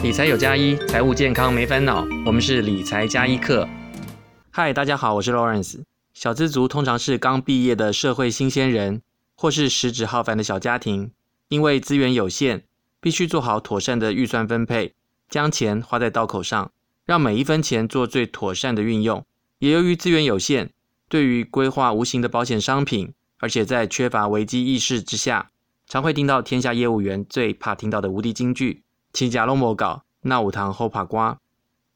理財有加一，財務健康沒煩惱。我們是理財加一課。嗨，Hi, 大家好，我是 Lawrence。小資族通常是剛畢業的社會新鮮人，或是食指浩繁的小家庭，因為資源有限，必須做好妥善的預算分配，將錢花在刀口上，讓每一分錢做最妥善的運用。也由於資源有限，對於規劃無形的保險商品，而且在缺乏危機意識之下，常會聽到天下業務員最怕聽到的無敵金句。請假落某搞，那五堂後怕瓜。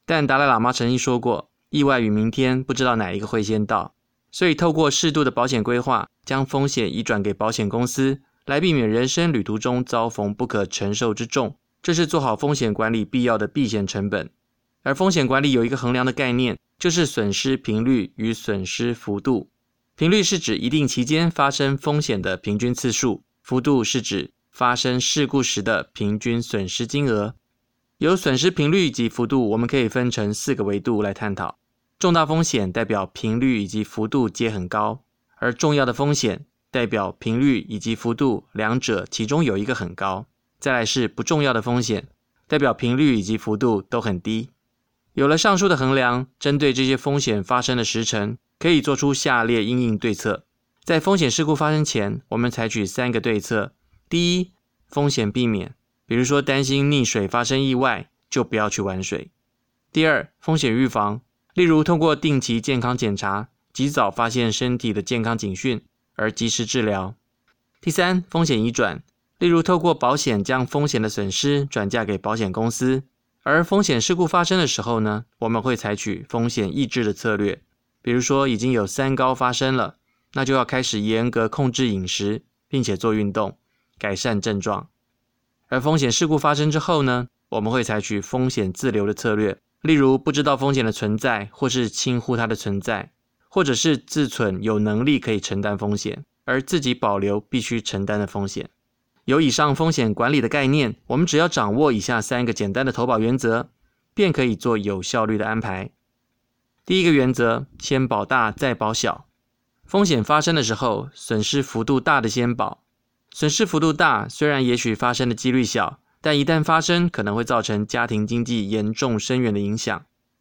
但達賴喇嘛曾經說過，意外與明天不知道哪一個會先到，所以透過適度的保險規劃，將風險移轉給保險公司，來避免人生旅途中遭逢不可承受之重，這，就是做好風險管理必要的避險成本。而風險管理有一個衡量的概念，就是損失頻率與損失幅度。頻率是指一定期間發生風險的平均次數，幅度是指，發生事故時的平均損失金額，由損失頻率以及幅度，我們可以分成四個維度來探討。重大風險代表頻率以及幅度皆很高，而重要的風險代表頻率以及幅度兩者其中有一個很高。再來是不重要的風險，代表頻率以及幅度都很低。有了上述的衡量，針對這些風險發生的時程，可以做出下列因應對策。在風險事故發生前，我們採取三個對策第一，風險避免，比如說擔心溺水發生意外，就不要去玩水。第二，風險預防，例如通過定期健康檢查，及早發現身體的健康警訊，而及時治療。第三，風險移轉，例如透過保險將風險的損失轉嫁給保險公司。而風險事故發生的時候呢，我們會採取風險抑制的策略，比如說已經有三高發生了，那就要開始嚴格控制飲食，並且做運動。改善症狀，而風險事故發生之後呢，我們會採取風險自留的策略，例如不知道風險的存在，或是輕忽它的存在，或者是自忖有能力可以承擔風險，而自己保留必須承擔的風險。有以上風險管理的概念，我們只要掌握以下三個簡單的投保原則，便可以做有效率的安排。第一個原則：先保大，再保小。風險發生的時候，損失幅度大的先保。損失幅度大，雖然也許發生的幾率小，但一旦發生，可能會造成家庭經濟嚴重深遠的影響。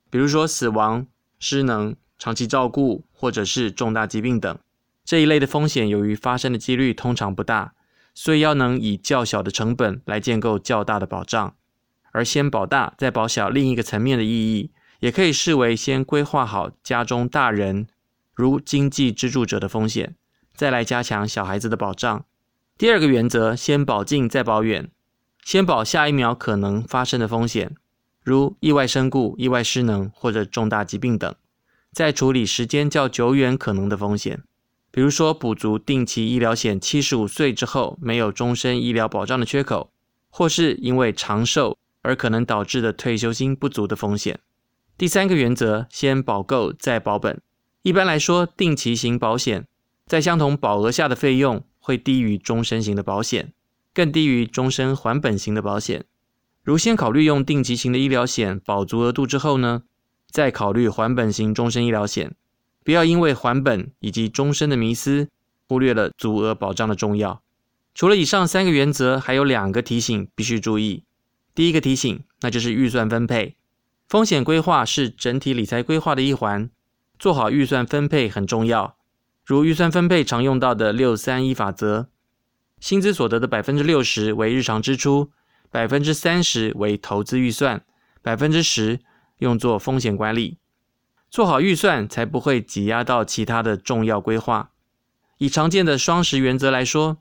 比如說死亡、失能、長期照顧，或者是重大疾病等。這一類的風險，由於發生的幾率通常不大，所以要能以較小的成本來建構較大的保障。而先保大再保小，另一個層面的意義，也可以視為先規劃好家中大人，如經濟支柱者的風險，再來加強小孩子的保障。第二個原則，先保近再保遠，先保下一秒可能發生的風險，如意外身故、意外失能或者重大疾病等，再處理時間較久遠可能的風險，比如說補足定期醫療險七十五歲之後沒有終身醫療保障的缺口，或是因為長壽而可能導致的退休金不足的風險。第三個原則，先保夠再保本。一般來說，定期型保險在相同保額下的費用會低於終身型的保險，更低於終身還本型的保險。如先考慮用定期型的醫療險保足額度之後呢，再考慮還本型終身醫療險。不要因為還本以及終身的迷思，忽略了足額保障的重要。除了以上三個原則，還有兩個提醒必須注意。第一個提醒，那就是預算分配。風險規劃是整體理財規劃的一環，做好預算分配很重要。如預算分配常用到的六三一法則，薪資所得的百分之六十為日常支出，百分之三十為投資預算，百分之十用作風險管理。做好預算才不會擠壓到其他的重要規劃。以常見的雙十原則來說，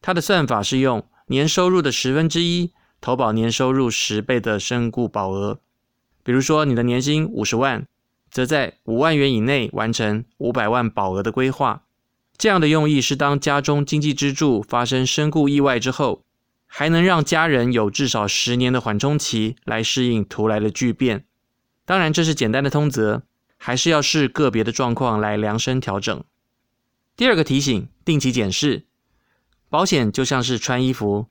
它的算法是用年收入的十分之一投保年收入十倍的身故保額。比如說你的年薪五十萬。則在五萬元以內完成五百萬保額的規劃，這樣的用意是當家中經濟支柱發生身故意外之後，還能讓家人有至少十年的緩衝期來適應突來的巨變。當然，這是簡單的通則，還是要視個別的狀況來量身調整。第二個提醒：定期檢視。保險就像是穿衣服，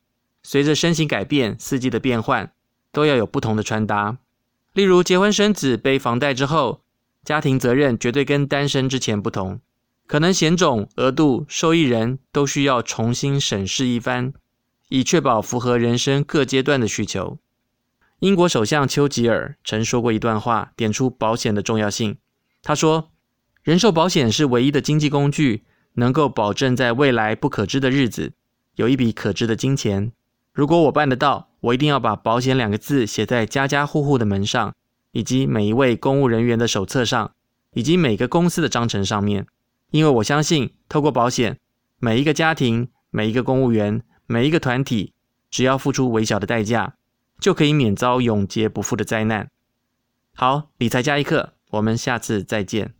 隨着身形改變、四季的變換，都要有不同的穿搭。例如結婚生子、背房貸之後。家庭責任絕對跟單身之前不同，可能險種、額度、受益人都需要重新審視一番，以確保符合人生各階段的需求。英國首相丘吉爾曾說過一段話，點出保險的重要性。他說：“人壽保險是唯一的經濟工具，能夠保證在未來不可知的日子有一筆可知的金錢。如果我辦得到，我一定要把保險兩個字寫在家家戶戶的門上。”以及每一位公務人員的手冊上，以及每個公司的章程上面，因為我相信，透過保險，每一個家庭、每一個公務員、每一個團體，只要付出微小的代價，就可以免遭永劫不復的災難。好，理財家一刻，我們下次再見。